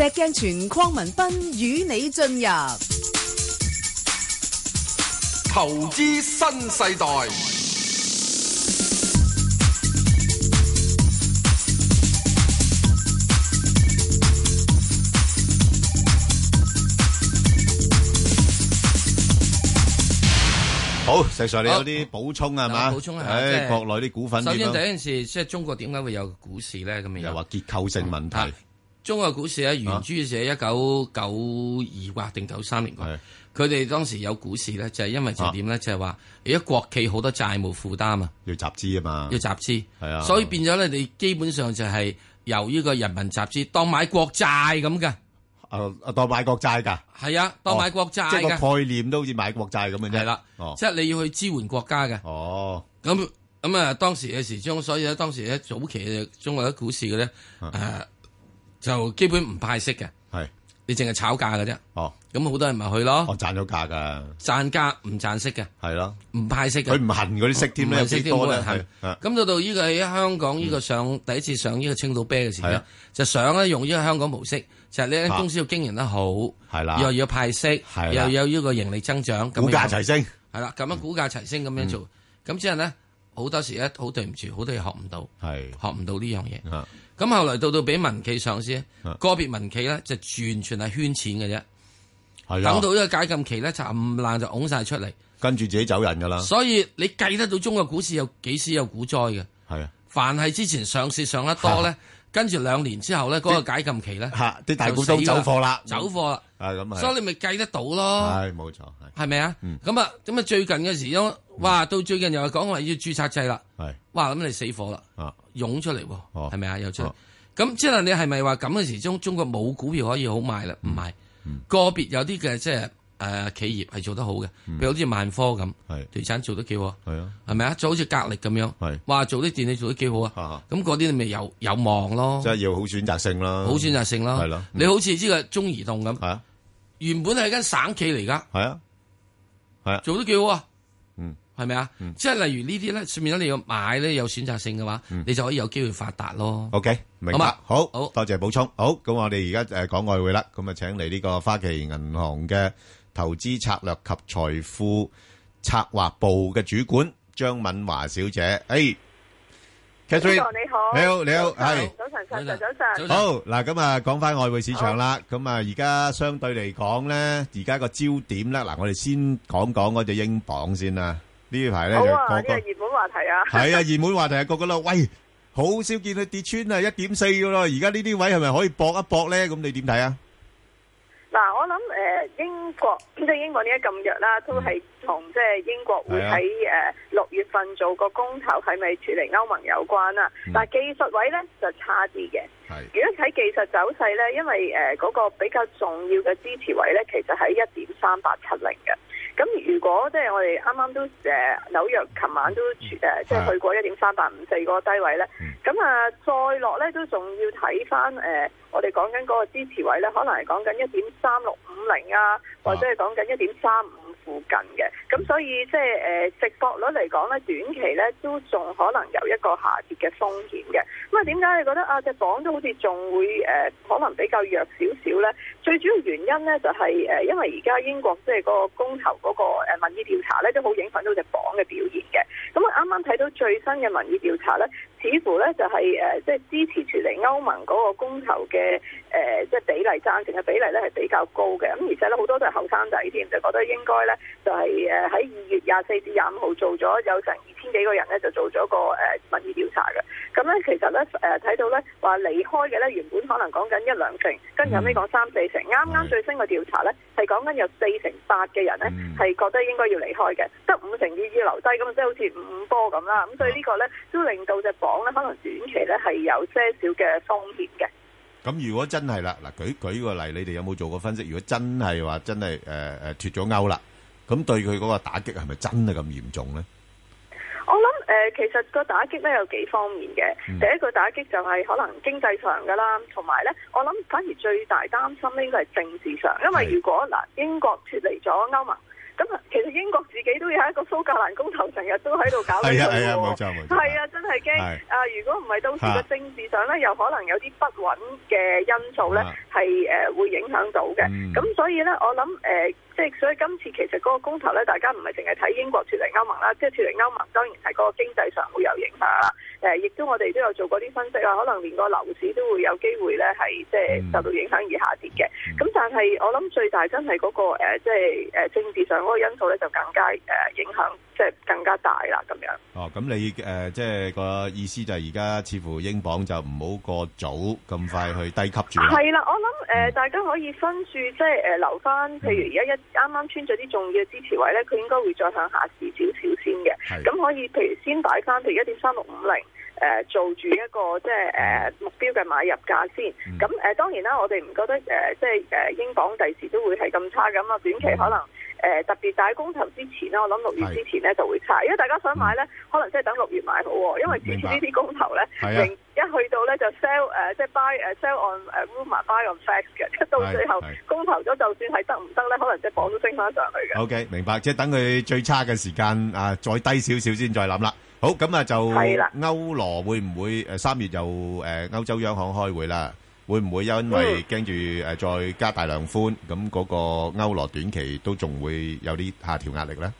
石鏡泉鄺文斌與你進入投資新世代。好，石 Sir，你有啲補充係嘛？好，補充啊，哎就係、國內啲股份。首先第一件事，即係中國點解會有股市咧？咁又話結構性問題。啊中國股市咧，原珠寫一九九二或定九三年佢哋當時有股市咧，就係因為就係點咧，就係話而家國企好多債務負擔啊，要集資啊嘛，要集資，係啊，所以變咗咧，你基本上就係由呢個人民集資，當買國債咁嘅，啊啊，當買國債噶，係啊，當買國債，即、哦就係、概念都好似買國債咁嘅啫，係啦、啊，哦、即係你要去支援國家嘅，哦，咁咁啊，當時嘅時鐘，所以咧，當時咧早期中國嘅股市嘅咧，誒、啊。啊就基本唔派息嘅，係你淨係炒價嘅啫。哦，咁好多人咪去咯。哦，賺咗價噶，賺價唔賺息嘅，係咯，唔派息嘅。佢唔恨嗰啲息添咧，息多啦。咁到到呢個喺香港呢個上第一次上呢個青島啤嘅時候，就想咧用呢個香港模式，就係呢間公司要經營得好，係啦，又要派息，又有呢個盈利增長，股價齊升，係啦，咁樣股價齊升咁樣做，咁之後咧。好多時咧，好對唔住，好多嘢學唔到，的學唔到呢樣嘢。咁的後來到到俾民企上市，的個別民企咧，就完全係圈錢嘅啫。係啊的，等到呢個解禁期咧，就唔爛就拱晒出嚟，跟住自己走人噶啦。所以你計得到中國股市有幾時有股災嘅？係啊的，凡係之前上市上得多咧。的跟住兩年之後咧，嗰個解禁期咧，啲大股東走貨啦，走貨啦，係咁啊，所以你咪計得到咯，係冇錯，係係咪啊？咁啊，咁啊，最近嘅時鐘，哇，到最近又係講話要註冊制啦，係，哇，咁你死火啦，啊，湧出嚟喎，係咪啊？又出，咁即係你係咪話咁嘅時鐘中國冇股票可以好賣啦？唔係，個別有啲嘅即係。誒，企業係做得好嘅，譬如好似萬科咁，地產做得幾好，係咪啊？就好似格力咁樣，哇，做啲電器做得幾好啊！咁嗰啲你咪有有望咯，即係要好選擇性咯，好選擇性咯，係咯。你好似呢個中移動咁，原本係間省企嚟噶，係啊，係啊，做得幾好啊，係咪啊？即係例如呢啲咧，順便咧你要買咧有選擇性嘅話，你就可以有機會發達咯。OK，明白，好，好多謝補充。好，咁我哋而家誒講外匯啦，咁啊請嚟呢個花旗銀行嘅。投資策略及財富策劃部嘅主管張敏華小姐。哎，Catherine 你好，你好你好，係早晨早晨早晨。好嗱，咁啊講翻外匯市場啦，咁啊而家相對嚟講咧，而家個焦點咧，嗱我哋先講講隻英鎊先啦，呢排咧，好啊，就講個熱門話題啊，係啊熱門話題係個個啦，喂，好少見佢跌穿啊一點四咯，而家呢啲位係咪可以搏一搏咧？咁你點睇啊？嗱我諗。英國即係英國呢家咁弱啦，都係同即係英國會喺誒六月份做個公投係咪處理歐盟有關啦。嗯、但係技術位咧就差啲嘅。如果睇技術走勢咧，因為誒嗰、呃那個比較重要嘅支持位咧，其實係一點三八七零嘅。咁如果即係、就是、我哋啱啱都誒、呃、紐約琴晚都誒即係去過一點三八五四嗰個低位咧，咁啊、嗯、再落咧都仲要睇翻誒。呃我哋講緊嗰個支持位咧，可能係講緊一點三六五零啊，或者係講緊一點三五附近嘅。咁所以即係誒，值、就、博、是呃、率嚟講咧，短期咧都仲可能有一個下跌嘅風險嘅。咁啊，點解你覺得啊，隻、這、鎊、個、都好似仲會誒、呃，可能比較弱少少咧？最主要原因咧就係、是、誒、呃，因為而家英國即係嗰個公投嗰個誒民意調查咧，都好影響到隻鎊嘅表現嘅。咁我啱啱睇到最新嘅民意調查咧。似乎咧就係誒，即係支持住嚟歐盟嗰個公投嘅誒，即係比例贊成嘅比例咧係比較高嘅。咁而且咧好多都係後生仔添，就覺得應該咧就係誒喺二月廿四至廿五號做咗有成二千幾個人咧就做咗個誒民意調查嘅。咁、嗯、咧其實咧誒睇到咧話離開嘅咧原本可能講緊一兩成，跟住後尾講三四成。啱啱最新嘅調查咧係講緊有四成八嘅人咧係覺得應該要離開嘅，得五成二要留低。咁即係好似五五波咁啦。咁所以個呢個咧都令到隻講咧可能短期咧係有些少嘅風險嘅。咁如果真係啦，嗱，舉舉個例，你哋有冇做過分析？如果真係話真係誒誒脫咗歐啦，咁、呃、對佢嗰個打擊係咪真係咁嚴重咧？我諗誒、呃，其實個打擊咧有幾方面嘅。第一個打擊就係可能經濟上噶啦，同埋咧我諗反而最大擔心咧，應該係政治上。因為如果嗱是英國脫離咗歐盟。咁啊，其實英國自己都有一個蘇格蘭公投，成日都喺度搞亂水喎。係啊，冇錯，係啊，真係驚 啊！如果唔係到時嘅政治上咧，又可能有啲不穩嘅因素咧，係誒、 呃、會影響到嘅。咁、嗯、所以咧，我諗誒。呃即係所以今次其實嗰個公投咧，大家唔係淨係睇英國脱離歐盟啦，即係脱離歐盟當然係嗰個經濟上會有影響啦。誒、呃，亦都我哋都有做過啲分析啦，可能連個樓市都會有機會咧係即係受到影響而下跌嘅。咁但係我諗最大真係嗰、嗰個、呃、即係誒、呃、政治上嗰個因素咧，就更加誒、呃、影響。即係更加大啦，咁樣。哦，咁你誒即係個意思就係而家似乎英鎊就唔好過早咁快去低級住。係啦，我諗誒大家可以分住，即係誒留翻，譬如而家一啱啱穿咗啲重要支持位咧，佢應該會再向下試少少先嘅。咁可以譬如先擺翻譬如一點三六五零誒做住一個即係誒目標嘅買入價先。咁誒當然啦，我哋唔覺得誒即係誒英鎊第時都會係咁差嘅嘛，短期可能。誒特別喺公投之前啦，我諗六月之前咧就會差，因為大家想買咧，可能即係等六月買好喎，因為之前呢啲公投咧，一去到咧就 sell 誒，即係 buy 誒，sell on 誒 rumor，buy on facts 嘅，即係到最後公投咗，就算係得唔得咧，可能即係磅都升翻上去嘅。O K，明白，即係等佢最差嘅時間啊，再低少少先再諗啦。好，咁啊就歐羅會唔會誒三月就誒歐洲央行開會啦？會唔會因為驚住誒再加大量寬，咁嗰個歐羅短期都仲會有啲下調壓力咧？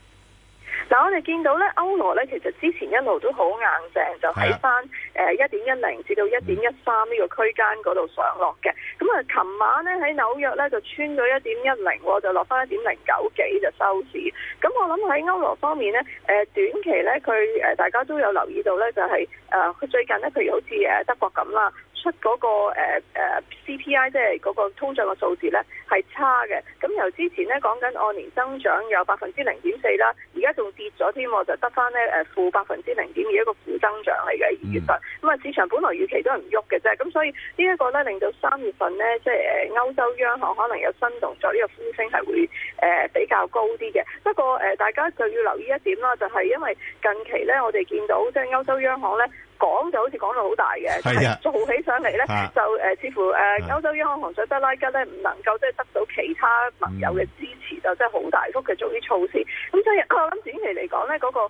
嗱，我哋見到咧，歐羅咧其實之前一路都好硬淨，就喺翻誒一點一零至到一點一三呢個區間嗰度上落嘅。咁啊，琴晚咧喺紐約咧就穿咗一點一零，就落翻一點零九幾就收市。咁我諗喺歐羅方面咧，誒短期咧佢誒大家都有留意到咧，就係誒最近咧，譬如好似誒德國咁啦。出嗰、那個誒、呃呃、CPI 即係嗰個通脹個數字咧係差嘅，咁由之前咧講緊按年增長有、呃、百分之零點四啦，而家仲跌咗添，就得翻咧誒負百分之零點二一個負增長嚟嘅二月份。咁啊、嗯、市場本來預期都係唔喐嘅啫，咁所以呢一個咧令到三月份咧即係誒歐洲央行可能有新動作，呢、這個呼聲係會誒、呃、比較高啲嘅。不過誒、呃、大家就要留意一點啦，就係、是、因為近期咧我哋見到即係歐洲央行咧。講就好似講到好大嘅，係、啊、做起上嚟咧就誒、呃，似乎誒，歐、呃、洲央行行長德拉吉咧，唔能夠即係得到其他盟友嘅支持，嗯、就真係好大幅嘅做啲措施。咁所以我諗短期嚟講咧，嗰個誒，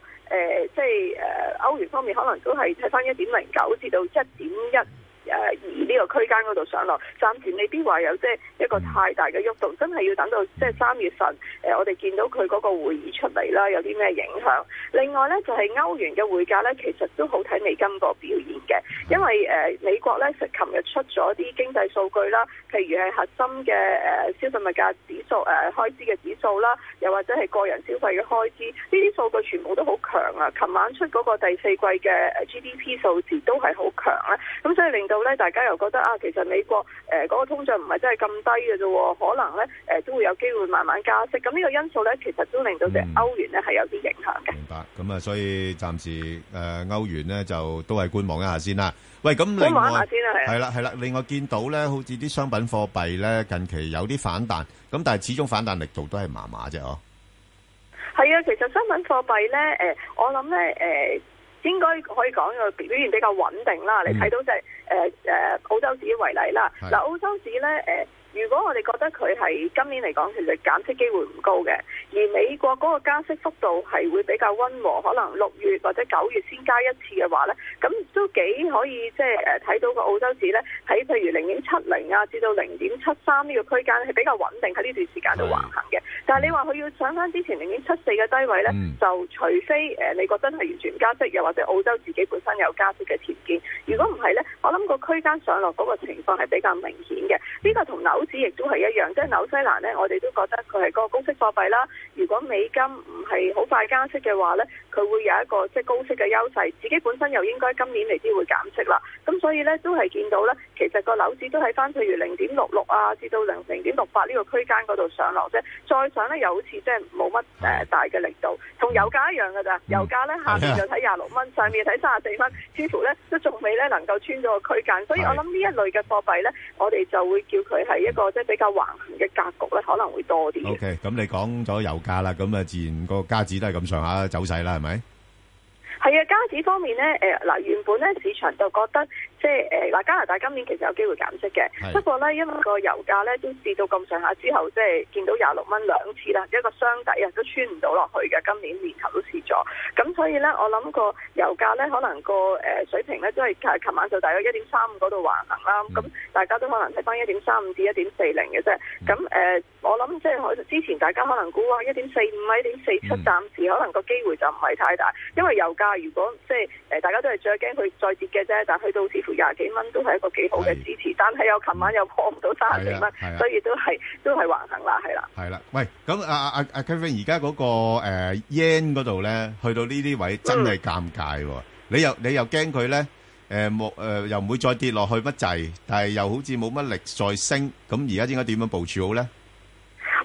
即係誒，歐、那個呃呃、元方面可能都係睇翻一點零九至到一點一。誒，而呢個區間嗰度上落暫時未必話有即係一個太大嘅喐動，真係要等到即係三月份誒，我哋見到佢嗰個會議出嚟啦，有啲咩影響。另外呢，就係歐元嘅匯價呢，其實都好睇美金個表現嘅，因為誒美國呢，琴日出咗啲經濟數據啦，譬如係核心嘅誒消費物價指數、誒開支嘅指數啦，又或者係個人消費嘅開支，呢啲數據全部都好強啊。琴晚出嗰個第四季嘅 GDP 數字都係好強啦，咁所以令到咧，大家又覺得啊，其實美國誒嗰、呃那個通脹唔係真係咁低嘅啫，可能咧誒、呃、都會有機會慢慢加息。咁呢個因素咧，其實都令到隻歐元咧係有啲影響嘅。明白。咁啊，所以暫時誒歐、呃、元咧就都係觀望一下先啦。喂，咁你講下先外係啦係啦、啊啊啊啊，另外見到咧，好似啲商品貨幣咧近期有啲反彈，咁但係始終反彈力度都係麻麻啫哦。係啊，其實商品貨幣咧，誒、呃，我諗咧，誒、呃。呃呃應該可以講，個表現比較穩定啦。嗯、你睇到就係誒誒澳洲市為例啦。嗱的，澳洲市咧誒。呃如果我哋覺得佢係今年嚟講其實減息機會唔高嘅，而美國嗰個加息幅度係會比較溫和，可能六月或者九月先加一次嘅話、呃、呢，咁都幾可以即係誒睇到個澳洲指呢，喺譬如零點七零啊至到零點七三呢個區間係比較穩定喺呢段時間度橫行嘅。的但係你話佢要上翻之前零點七四嘅低位呢，嗯、就除非誒你覺得係完全加息，又或者澳洲自己本身有加息嘅條件。如果唔係呢，我諗個區間上落嗰個情況係比較明顯嘅。呢、這個同樓。好似亦都係一樣，即係紐西蘭咧，我哋都覺得佢係個公式貨幣啦。如果美金唔係好快加息嘅話呢，佢會有一個即係、就是、高息嘅優勢，自己本身又應該今年嚟啲會減息啦。咁所以呢，都係見到呢，其實個樓市都喺翻譬如零點六六啊，至到零零點六八呢個區間嗰度上落啫。再上呢又好似即係冇乜誒大嘅力度，同油價一樣㗎咋。油價呢下面就睇廿六蚊， 上面睇三十四蚊，似乎呢都仲未呢能夠穿咗個區間。所以我諗呢一類嘅貨幣呢，我哋就會叫佢係一個即係、就是、比較橫行嘅格局呢，可能會多啲 O K. 咁你講咗油。啦咁啊，自然嗰個家子都係咁上下走勢啦，係咪？係啊，家子方面咧，誒、呃、嗱，原本咧市場就覺得。即係誒嗱，加拿大今年其實有機會減息嘅，不過咧因為個油價咧都跌到咁上下之後，即係見到廿六蚊兩次啦，一個箱底啊都穿唔到落去嘅。今年年頭都跌咗，咁所以咧我諗個油價咧可能個誒水平咧都係琴晚就大概一點三五嗰度橫行啦。咁、mm. 大家都可能睇翻一點三五至一點四零嘅啫。咁誒、mm. 呃、我諗即係我之前大家可能估話一點四五、一點四七暫時，可能個機會就唔係太大，因為油價如果即係誒、呃、大家都係最驚佢再跌嘅啫，但係到時。廿幾蚊都係一個幾好嘅支持，但係又琴晚又破唔到三十幾蚊，所以都係都係橫行啦，係啦。係啦，喂，咁啊啊啊 Kevin，而家嗰個誒 yen 嗰度咧，去到呢啲位真係尷尬喎！你又你又驚佢咧？誒木誒又唔會再跌落去乜滯，但係又好似冇乜力再升。咁而家應該點樣部署好咧？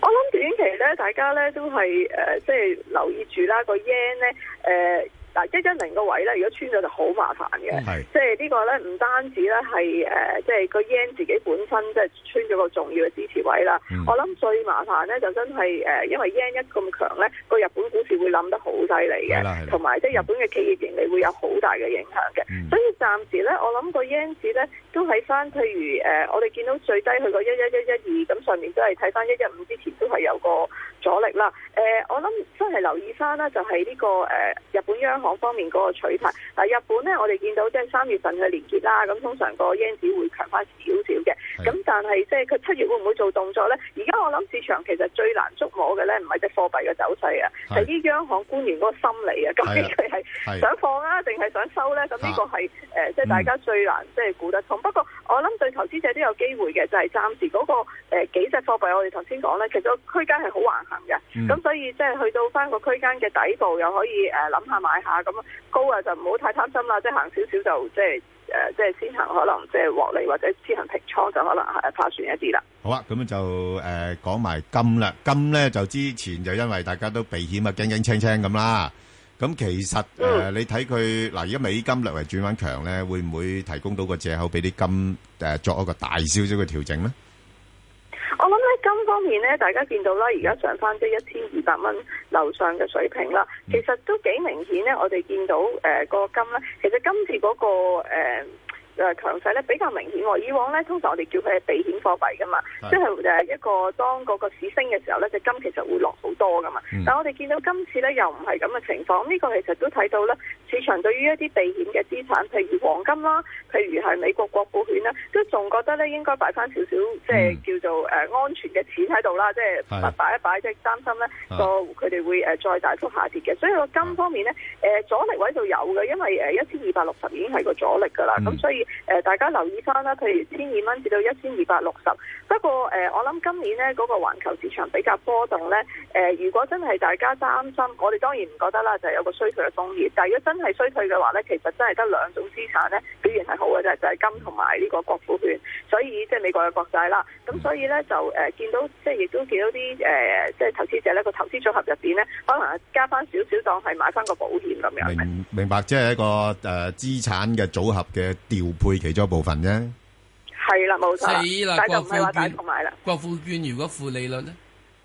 我諗短期咧，大家咧都係誒，即係留意住啦。個 yen 咧誒。嗱，嗯、一一零個位咧，如果穿咗就好麻煩嘅，即係呢個咧唔單止咧係誒，即、呃、係、就是、個 yen 自己本身即係穿咗個重要嘅支持位啦。嗯、我諗最麻煩咧就真係誒，因為 yen 一咁強咧，個日本股市會諗得好犀利嘅，同埋即係日本嘅企業盈利會有好大嘅影響嘅。嗯、所以暫時咧，我諗個 yen 市咧都喺翻，譬如誒、呃，我哋見到最低去個一一一一二，咁上面都係睇翻一一五之前都係有個阻力啦。誒、呃，我諗真係留意翻咧，就係、是、呢、這個誒、呃、日本央、行，行方面個取態，嗱日本咧，我哋見到即係三月份嘅連結啦，咁通常個 yen 紙會強翻少少嘅，咁是的 但係即係佢七月會唔會做動作咧？而家我諗市場其實最難捉摸嘅咧，唔係隻貨幣嘅走勢啊，係啲央行官員嗰個心理啊，咁究竟佢係想放啊，定係想收咧？咁呢個係誒即係大家最難即係估得通。嗯、不過我諗對投資者都有機會嘅，就係、是、暫時嗰、那個誒、呃、幾隻貨幣，我哋頭先講咧，其實個區間係好橫行嘅，咁、嗯、所以即係去到翻個區間嘅底部，又可以誒諗、呃、下買下。啊咁高啊就唔好太貪心啦，即係行少少就即係誒，即係、呃、先行可能即係獲利或者先行平倉就可能係劃算一啲啦。好啊，咁就誒、呃、講埋金啦。金咧就之前就因為大家都避險啊，驚驚青青咁啦。咁其實誒、呃嗯、你睇佢嗱，而家美金略為轉翻強咧，會唔會提供到個藉口俾啲金誒、呃、作一個大少少嘅調整咧？我諗咧金方面咧，大家見到啦，而家上翻即一千二百蚊樓上嘅水平啦。其實都幾明顯咧，我哋見到誒，呃個金咧，其實今次嗰、個誒。呃誒、呃、強勢咧，比較明顯喎、哦，以往咧通常我哋叫佢係避險貨幣噶嘛，即係誒一個當嗰個市升嘅時候咧，隻金其實會落好多噶嘛。嗯、但係我哋見到今次咧又唔係咁嘅情況，呢、呢個其實都睇到咧市場對於一啲避險嘅資產，譬如黃金啦，譬如係美國國庫券啦，都仲覺得咧應該擺返少少，即係叫做誒安全嘅錢喺度啦，即係擺一擺，即係擔心咧個佢哋會誒、呃、再大幅下跌嘅。所以個金方面咧，誒、呃呃呃、阻力位就有嘅，因為誒一千二百六十已經係個阻力噶啦，咁所以。誒、呃，大家留意翻啦，譬如千二蚊至到一千二百六十。不過誒、呃，我諗今年咧嗰、那個環球市場比較波動咧。誒、呃，如果真係大家擔心，我哋當然唔覺得啦，就係、是，有個衰退嘅風險。但係如果真係衰退嘅話咧，其實真係得兩種資產咧表現係好嘅啫，就係、是，金同埋呢個國庫券。所以即係、就是，美國嘅國債啦。咁所以咧就誒、呃、見到即係亦都見到啲誒、呃、即係投資者咧個投資組合入邊咧，可能加翻少少當係買翻個保險咁樣。明白即係一個誒資產嘅組合嘅調配其中一部分啫，係啦，冇錯，但就唔係話帶頭買啦。國富券如果負利率咧，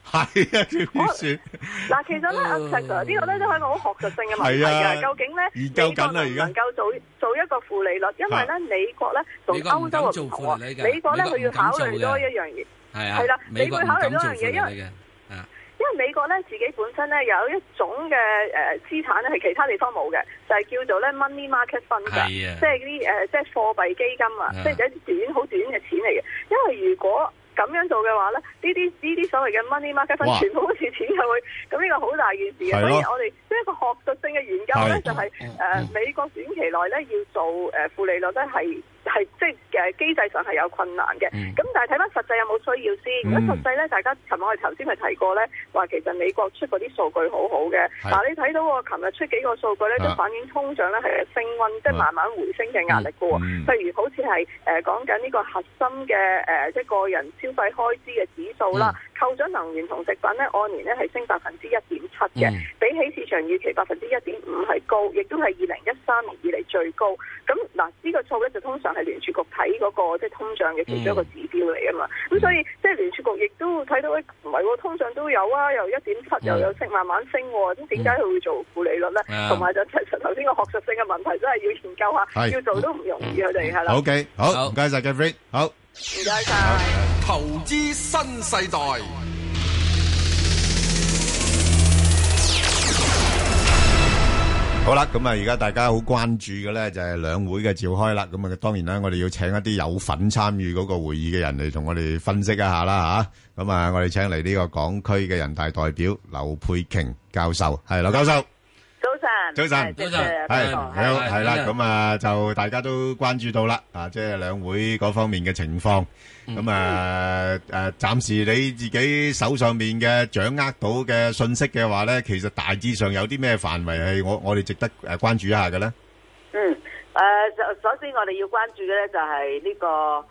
係啊，點算？嗱，其實咧，Alexa 呢個咧都係一個好學術性嘅問題嘅。究竟咧，美國能能夠做做一個負利率？因為咧，美國咧同歐洲唔同啊。美國咧，佢要考慮多一樣嘢，係啦，美國考慮多一樣嘢，因為。因為美國咧自己本身咧有一種嘅誒資產咧係其他地方冇嘅，就係、是、叫做咧 money market fund 嘅，的即係啲誒即係貨幣基金啊，的即係一啲短好短嘅錢嚟嘅。因為如果咁樣做嘅話咧，呢啲呢啲所謂嘅 money market fund 嘩全部好似錢去咁，呢個好大件事嘅。的所以我哋即係一個學術性嘅研究咧，就是，就係誒美國短期內咧要做誒負、呃、利率都係。係即係機制上係有困難嘅，咁但係睇翻實際有冇需要先。咁實際咧，大家琴日我哋頭先咪提過咧，話其實美國出嗰啲數據好好嘅，嗱你睇到我琴日出幾個數據咧，都反映通脹咧係升溫，即係慢慢回升嘅壓力嘅喎。譬如好似係誒講緊呢個核心嘅誒即係個人消費開支嘅指數啦，扣咗能源同食品咧按年咧係升百分之一點七嘅，比起長期預期百分之一點五係高，亦都係二零一三年以嚟最高。咁嗱，呢個數咧就通常係聯儲局睇嗰個即係通脹嘅其中一個指標嚟啊嘛。咁所以即係聯儲局亦都睇到咧，唔係喎，通脹都有啊，又一點七，又有升，慢慢升。咁點解佢會做負利率咧？同埋就即係頭先個學術性嘅問題，真係要研究下，要做都唔容易。佢哋係啦。O K，好唔該曬，嘅 Ray，好唔該晒，投資新世代。好啦，咁啊，而家大家好關注嘅咧就係兩會嘅召開啦。咁啊，當然啦，我哋要請一啲有份參與嗰個會議嘅人嚟同我哋分析一下啦吓，咁啊，我哋請嚟呢個港區嘅人大代表劉佩瓊教授，係劉教授。早晨，早晨，係，你好，係啦，咁啊，就大家都關注到啦，啊，即係兩會嗰方面嘅情況，咁啊，誒，暫時你自己手上面嘅掌握到嘅信息嘅話咧，其實大致上有啲咩範圍係我我哋值得誒關注一下嘅咧？嗯，誒，就首先我哋要關注嘅咧就係呢個誒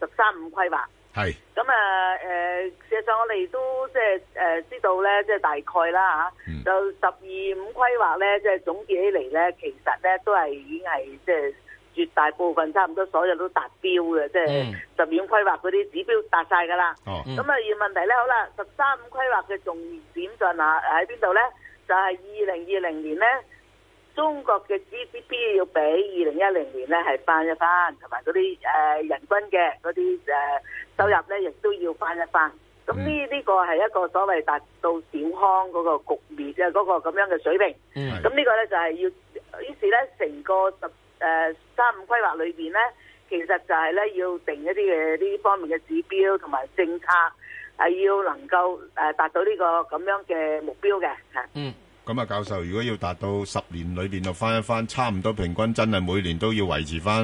十三五規劃。係，咁啊是，誒、呃，事實上我哋都即係誒，知道咧，即係大概啦吓，嗯、就十二五規劃咧，即係總結起嚟咧，其實咧都係已經係即係絕大部分，差唔多所有都達標嘅，嗯、即係十二五規劃嗰啲指標達晒噶啦。咁啊、哦，而問題咧，好啦，十三五規劃嘅重點進、啊、在哪？喺邊度咧？就係二零二零年咧。中國嘅 GDP 要比二零一零年咧係翻一翻，同埋嗰啲誒人均嘅嗰啲誒收入咧，亦都要翻一翻。咁呢呢個係一個所謂達到小康嗰個局面嘅嗰、即係、個咁樣嘅水平。咁、嗯、呢個咧就係、係、要，於是咧成個十誒、呃、三五規劃裏邊咧，其實就係咧要定一啲嘅呢方面嘅指標同埋政策，係要能夠誒達到呢個咁樣嘅目標嘅嚇。嗯。咁啊，教授，如果要達到十年裏邊就翻一翻，差唔多平均真係每年都要維持翻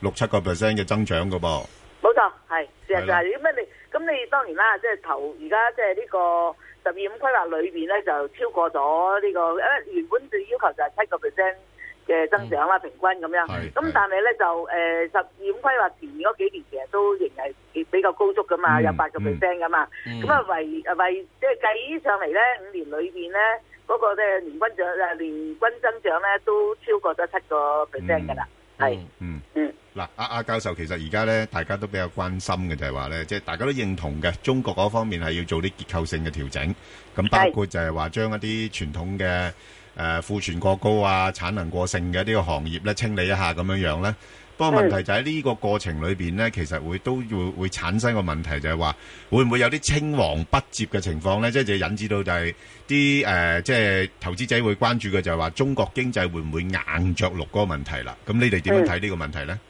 六七個 percent 嘅增長噶噃。冇錯，係事實就係咁啊！你咁是吧 你當然啦，即係頭而家即係呢個十二五規劃裏邊咧，就超過咗呢、這個，因原本嘅要求就係七個 percent 嘅增長啦，嗯、平均咁樣。咁但係咧就誒，十二五規劃前嗰幾年其實都仍係比較高速噶嘛，有八個 percent 噶嘛。咁啊、嗯嗯，為啊為即係計上嚟咧，五年裏邊咧。嗰個咧，年均長誒，年均增長咧都超過咗七個 percent 㗎喇。係嗯是嗯嗱，阿阿教授，其實而家咧大家都比較關心嘅就係話咧，即、就、係、是、大家都認同嘅中國嗰方面係要做啲結構性嘅調整，咁包括就係話將一啲傳統嘅誒、呃、庫存過高啊、產能過剩嘅啲個行業咧清理一下咁樣樣咧。不過問題就喺呢個過程裏邊呢，其實會都會會，會，會產生個問題就，就係話會唔會有啲青黃不接嘅情況呢？即係就是、引致到就係啲誒，即、呃、係、就是、投資者會關注嘅就係話，中國經濟會唔會硬着陸嗰個問題啦？咁你哋點樣睇呢個問題呢？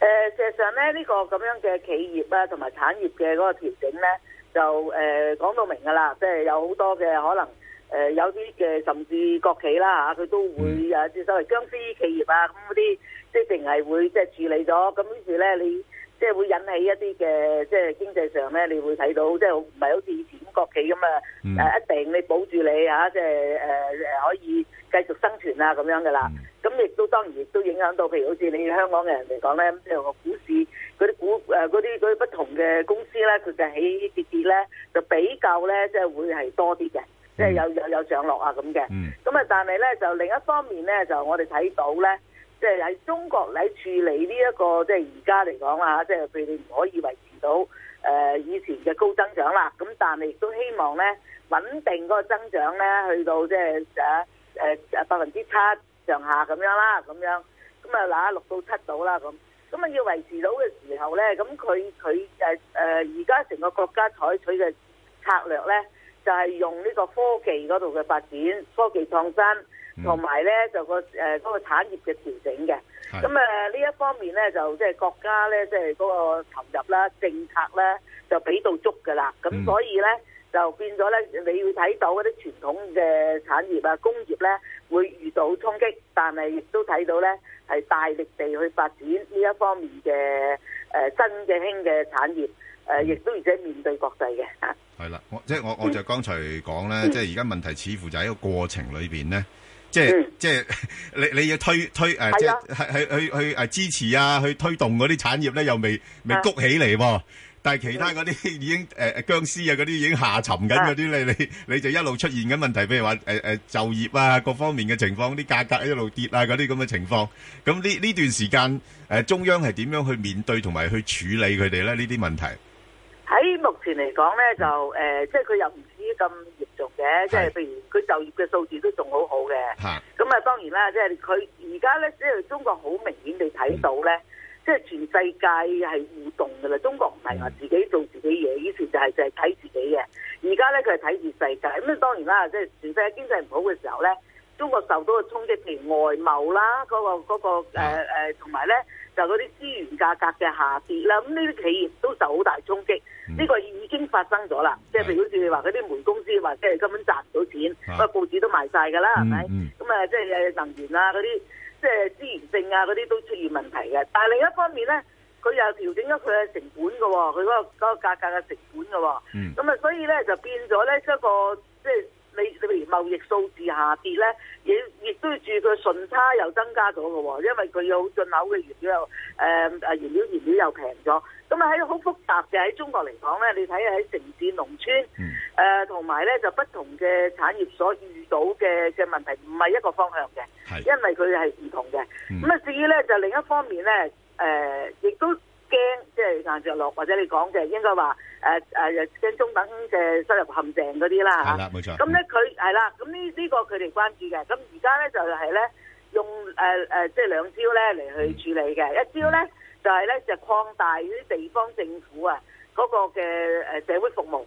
誒、嗯呃，事實上呢，呢、這個咁樣嘅企業啊，同埋產業嘅嗰個調整呢，就誒講、呃、到明噶啦，即、就、係、是、有好多嘅可能，誒、呃、有啲嘅甚至國企啦吓，佢都會誒所謂僵屍企業啊咁啲。那那一定係會即係處理咗，咁於是咧，你即係會引起一啲嘅即係經濟上咧，你會睇到即係唔係好似以前咁國企咁啊，誒、嗯、一定你保住你啊，即係誒誒可以繼續生存啊咁樣嘅啦。咁亦都當然亦都影響到，譬如好似你香港嘅人嚟講咧，即譬如個股市嗰啲股誒啲啲不同嘅公司咧，佢嘅起跌跌咧就比較咧即係會係多啲嘅，即係、嗯、有有有上落啊咁嘅。咁啊，嗯、但係咧就另一方面咧，就我哋睇到咧。即係喺中國嚟處理呢、這、一個，即係而家嚟講啦，即係佢哋唔可以維持到誒、呃、以前嘅高增長啦。咁但係亦都希望咧穩定嗰個增長咧，去到即係誒誒百分之七上下咁樣啦，咁樣咁啊，嗱六到七度啦咁。咁啊要維持到嘅時候咧，咁佢佢誒誒而家成個國家採取嘅策略咧，就係、是、用呢個科技嗰度嘅發展、科技創新。同埋咧就個誒嗰個產業嘅調整嘅，咁誒呢一方面咧就即係國家咧即係嗰個投入啦、政策咧就俾到足㗎啦，咁所以咧就變咗咧你要睇到嗰啲傳統嘅產業啊、工業咧會遇到衝擊，但係亦都睇到咧係大力地去發展呢一方面嘅誒新嘅興嘅產業，誒、呃、亦都而且面對國際嘅吓。係啦，我即係、就是、我我就剛才講咧， 即係而家問題似乎就喺一個過程裏邊咧。即係即係你你要推推誒，啊、的即係去去去誒支持啊，去推動嗰啲產業咧，又未未谷起嚟，啊，但係其他嗰啲已經誒的僵屍啊，嗰啲已經下沉緊嗰啲咧，你你就一路出現緊問題，譬如話誒誒就業啊，各方面嘅情況，啲價格一路跌啊，嗰啲咁嘅情況，咁呢呢段時間誒、啊、中央係點樣去面對同埋去處理佢哋咧？呢啲問題喺目前嚟講咧，就誒、呃、即係佢又唔至於咁。嘅，即係譬如佢就業嘅數字都仲好好嘅，咁啊的當然啦，即係佢而家咧，即係中國好明顯地睇到咧，即係、嗯、全世界係互動噶啦。中國唔係話自己做自己嘢，以前就係就係睇自己嘅，而家咧佢係睇住世界。咁啊當然啦，即係全世界經濟唔好嘅時候咧，中國受到嘅衝擊譬如外貿啦，嗰個嗰個誒誒，同埋咧就嗰啲資源價格嘅下跌啦，咁呢啲企業都受好大衝擊。呢個已經發生咗啦，即係譬如好似你話嗰啲煤公司話，即係根本賺唔到錢，個報紙都賣晒噶啦，係咪？咁啊，即係誒能源啊嗰啲，即係資源性啊嗰啲都出現問題嘅。但係另一方面咧，佢又調整咗佢嘅成本嘅喎、哦，佢嗰、嗰個嗰價、嗰個、格嘅成本嘅喎、哦，咁啊、嗯，所以咧就變咗咧一個即係。即係貿易數字下跌咧，亦亦都住佢順差又增加咗嘅喎，因為佢有進口嘅原料，誒誒原料原料又平咗，咁啊喺好複雜嘅喺中國嚟講咧，你睇喺城市、農村，誒同埋咧就不同嘅產業所遇到嘅嘅問題唔係一個方向嘅，是因為佢係唔同嘅。咁啊至於咧就另一方面咧，誒、呃、亦都。驚即係硬着落，或者你講嘅，應該話誒誒驚中等嘅收、嗯、入陷阱嗰啲啦吓。冇錯。咁咧佢係啦，咁呢呢個佢哋關注嘅。咁而家咧就係咧用誒誒、呃、即係兩招咧嚟去處理嘅。一招咧就係咧就擴大啲地方政府啊嗰、嗰個嘅誒社會服務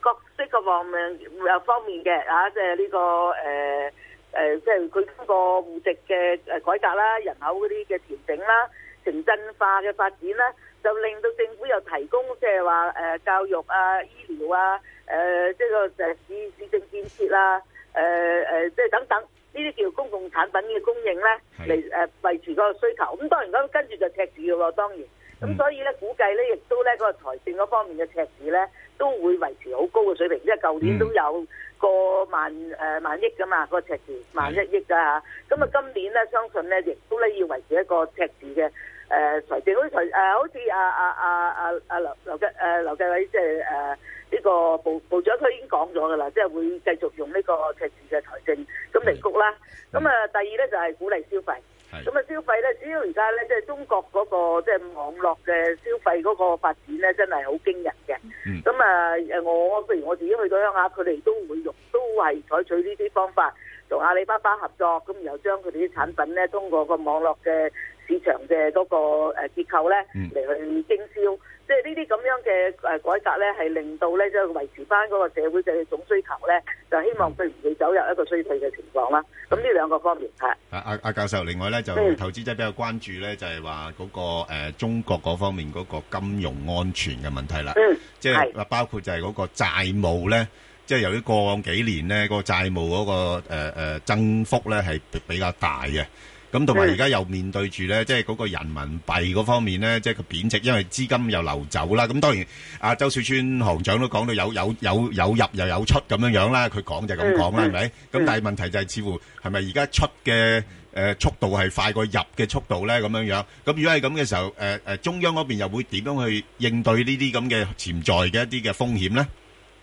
各式各方面有方面嘅啊即係呢、這個誒誒、呃呃、即係佢通過戶籍嘅誒改革啦、人口嗰啲嘅調整啦。啊城鎮化嘅發展咧，就令到政府又提供即係話誒教育啊、醫療啊、誒即係個誒市市政建設啊、誒誒即係等等呢啲叫公共產品嘅供應咧，嚟誒維持個需求。咁當然講跟住就赤字嘅喎，當然咁所以咧估計咧，亦都咧個財政嗰方面嘅赤字咧，都會維持好高嘅水平，即係舊年都有個萬誒萬億噶嘛，個赤字萬一億噶吓。咁啊，今年咧相信咧亦都咧要維持一個赤字嘅。誒、呃、財政好似財誒好似阿阿阿阿阿劉劉繼誒、啊、劉繼偉即係誒呢個部部長佢已經講咗噶啦，即係會繼續用呢個赤字嘅財政咁嚟谷啦。咁啊，第二咧就係、是、鼓勵消費。咁啊的，消費咧，只要而家咧，即係中國嗰、那個即係網絡嘅消費嗰個發展咧，真係好驚人嘅。咁啊誒，我譬如我自己去到鄉下，佢哋都會用，都係採取呢啲方法同阿里巴巴合作，咁然後將佢哋啲產品咧通過個網絡嘅。市場嘅嗰個誒結構咧嚟、嗯、去經銷，即係呢啲咁樣嘅誒改革咧，係令到咧即係維持翻嗰個社會嘅總需求咧，就希望佢唔會走入一個衰退嘅情況啦。咁呢、嗯、兩個方面係。阿阿、嗯啊啊、教授，另外咧就、嗯、投資者比較關注咧，就係話嗰個、呃、中國嗰方面嗰個金融安全嘅問題啦。嗯，即係包括就係嗰個債務咧，即、就、係、係、由於過往幾年咧，嗰個債務嗰、嗰個誒、呃呃呃、增幅咧係比較大嘅。咁同埋而家又面對住咧，即係嗰個人民幣嗰方面咧，即係佢貶值，因為資金又流走啦。咁當然，阿周小川行長都講到有有有有入又有出咁樣樣啦。佢講就咁講啦，係咪？咁但係問題就係似乎係咪而家出嘅誒速度係快過入嘅速度咧？咁樣樣咁，如果係咁嘅時候，誒誒中央嗰邊又會點樣去應對呢啲咁嘅潛在嘅一啲嘅風險咧？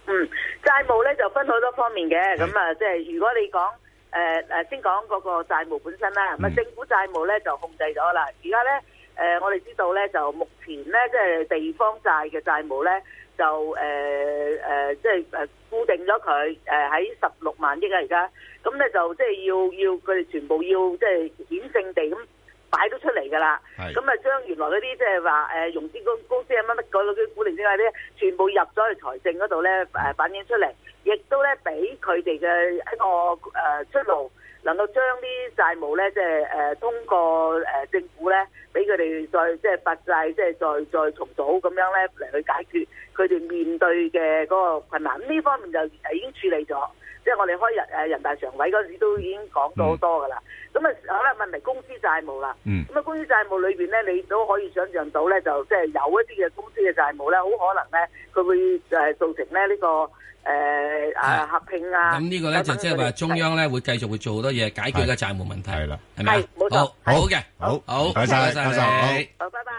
嗯，債務咧就分好多方面嘅，咁啊，即係如果你講。誒誒，先講嗰個債務本身啦，咁啊政府債務咧就控制咗啦。而家咧，誒我哋知道咧，就目前咧，即係地方債嘅債務咧，就誒誒，即係誒固定咗佢誒喺十六萬億啊。而家咁咧就即係要要佢哋全部要即係顯性地咁，擺都出嚟噶啦，咁啊將原來嗰啲即係話誒融資公公司啊乜乜嗰啲鼓勵之嗰啲，全部入咗去財政嗰度咧誒反映出嚟，亦都咧俾佢哋嘅一個誒出路，能夠將啲債務咧即係誒通過誒政府咧，俾佢哋再即係發債，即係再再重組咁樣咧嚟去解決佢哋面對嘅嗰個困難。呢方面就已經處理咗。即係我哋開人誒人大常委嗰陣時，都已經講咗好多噶啦。咁啊，可能問題公司債務啦。嗯。咁啊，公司債務裏邊咧，你都可以想象到咧，就即係有一啲嘅公司嘅債務咧，好可能咧，佢會誒造成咧呢個誒啊合併啊。咁呢個咧就即係話中央咧會繼續會做好多嘢解決嘅債務問題啦，係咪啊？冇錯。好嘅，好好，多謝曬你。好，拜拜。